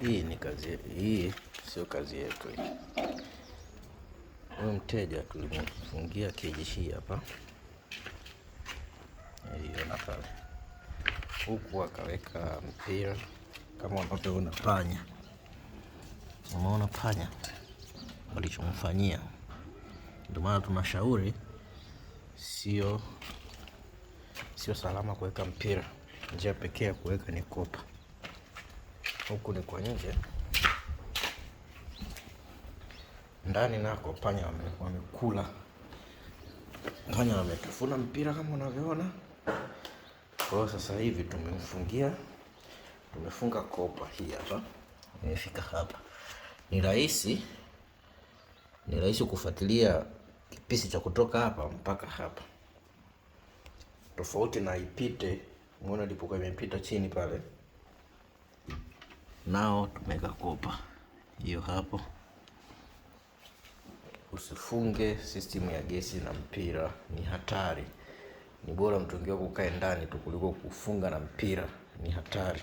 Hii ni kazi, hii sio kazi yetu. Huyu mteja tulimfungia keji hii hapa, hiyo na pale, huku akaweka mpira kama unavyoona panya. Umeona panya walichomfanyia? Ndio maana tunashauri sio, sio salama kuweka mpira. Njia pekee ya kuweka ni kopa. Huku ni kwa nje, ndani nako panya wamekula, panya wametafuna mpira kama unavyoona. Kwa hiyo sasa hivi tumemfungia, tumefunga kopa hii hapa, imefika hapa. Ni rahisi, ni rahisi kufuatilia kipisi cha kutoka hapa mpaka hapa, tofauti na ipite, muone ilipokuwa imepita chini pale nao tumeweka kopa hiyo hapo. Usifunge system ya gesi na mpira, ni hatari. Ni bora mtungi wako ukae ndani tu kuliko kufunga na mpira, ni hatari.